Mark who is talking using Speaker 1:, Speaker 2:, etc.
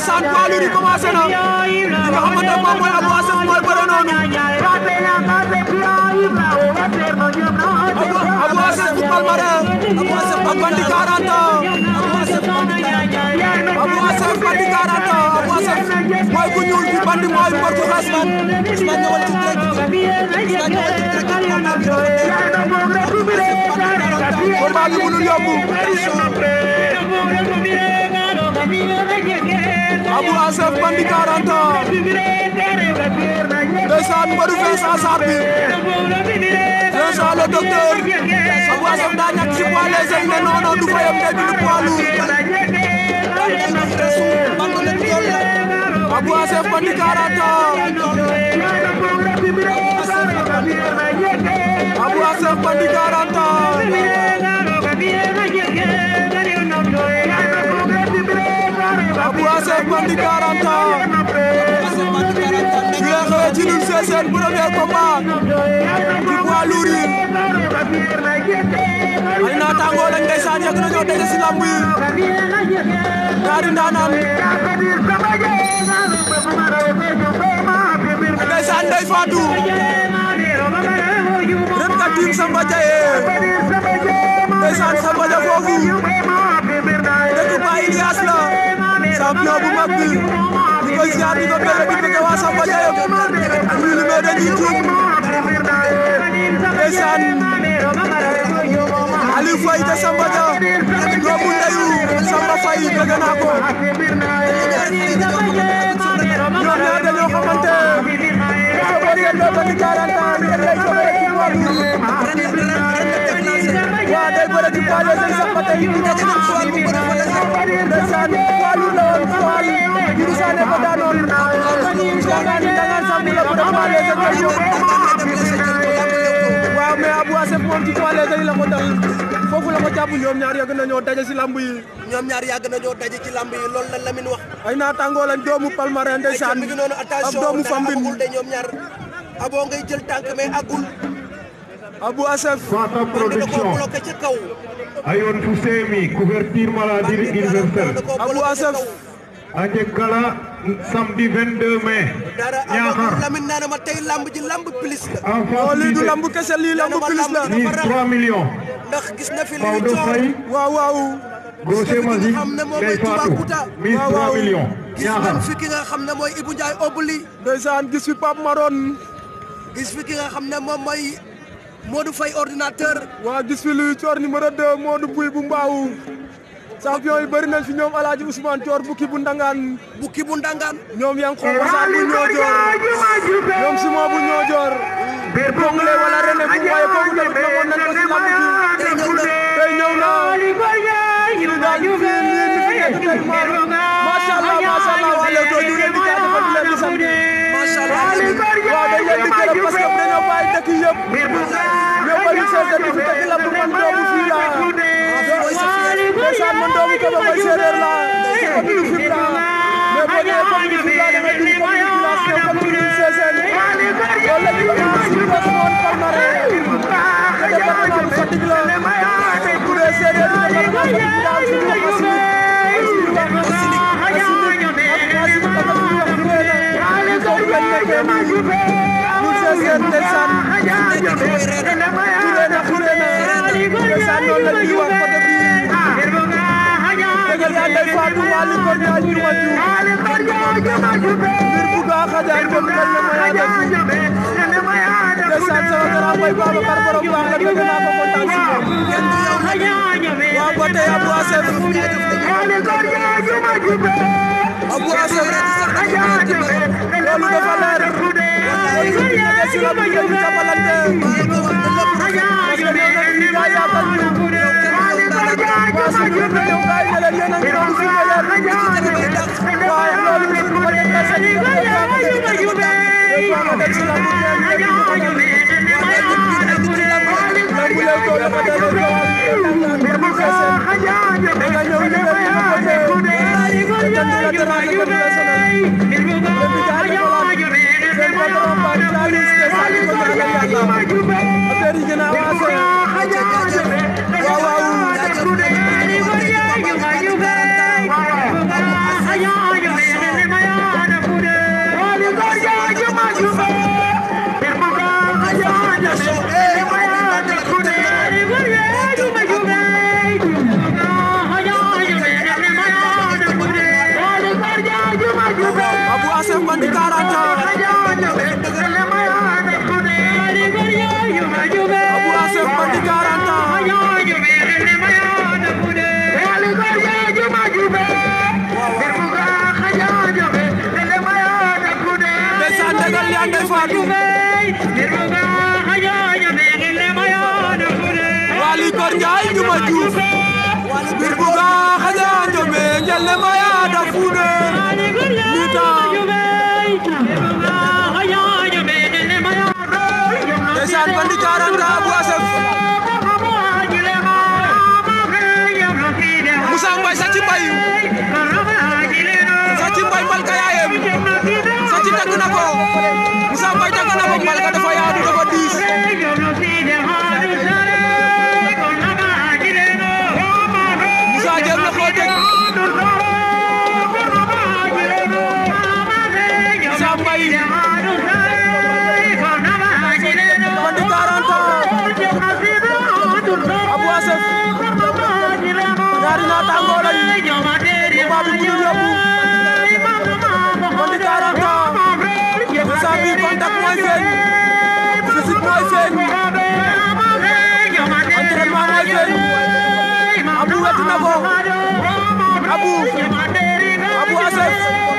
Speaker 1: ndeysaan Fallou di commencé na li nga xamante moom mooy Abou Assef mooy bëre noonu Abou Assef bu Palmarin Abou Assef ak Bandi 40 ans Abou Assef Bandi 40 ans Abou Assef mooy ku ñuul bi Bandi mooy mbër bu xas man Ousmane ñëwal ci direct bi Ousmane ñëwal ci direct bi moom naa bi combat bi mënul yomb Abu Assef Bandit 40 ans ndeysaan mbaru fees à sar le docteur Abou Assef daa ñàkk ci poids léger mais non du fa yem day dund poids lourd di 40 ans. Je l'ai revêtu d'une c'est le premier combat du poids lourd yi. ay naataangoo lañ ndeysaan yëg nañoo daje si lamb yi. ka champion bu mag bi di ko ziar di ko bëgg di bëgg waa Samba Diaye bu ñu limee dañuy tuub ndeysaan Aliou Faye te Samba Dia doomu ndeyu Samba Faye bëgg naa ko ñoom ñaar dañoo xamante sobori yendo ba di 40 ans yéen lay sobori ci moom waa day bëre ci poids léger sax ba tey Lalu dalam sekali Jurusannya kota non sambil aku Abou Assef Matam production ayoon Fusemi couverture maladie universelle Abou Assef aje kala samedi 22 mai Niakhar Lamine nana ma tey lamb ji lamb plus la lii du lamb kese lii lamb plus la ni 3 millions ndax gis na fi li ñu waaw waaw Grosse Magie day faatu mise 3 millions Niakhar fi ki nga xam ne mooy Ibou Ndiaye Obli ndeysaan gis fi Pape Maron gis fi ki nga xam ne moom mooy Modou Fay ordinateur wa gis fi luy cior numéro 2 Modou Bouy bu Mbaaw champion yi bari nañ fi ñoom Ousmane bu bu yang ko wasa bu ñojoor ñoom suma bu ñojoor bongale wala rene bu waye ko bu dal ko nañ ko ci lamb bi tay ñew na ñu ñu ma sha Allah ma sha Allah wala do ñu di ka di macha allah waaw dañ leen di gërëm parce que dañoo bàyyi dëkk yëpp ñoo bëri seen dëkk fi dëkk la bu man doomu fii la ndeysaan man doomu Kébé mooy séeréer la commune Fimela mais boo ñëwee commune Fimela da nga dugg commune Fimela c'est commune Sessène loolu la Ali Konya Ju Ali Konya Juma Ju bir bu ga xaja ko ko la ma ya da de san sama dara boy baba par borom ba nga bëgg naa ko kontaan si Thank you, man. ma Diouf bir buga xaja njome njel ne naataangoolañ combat bi mënul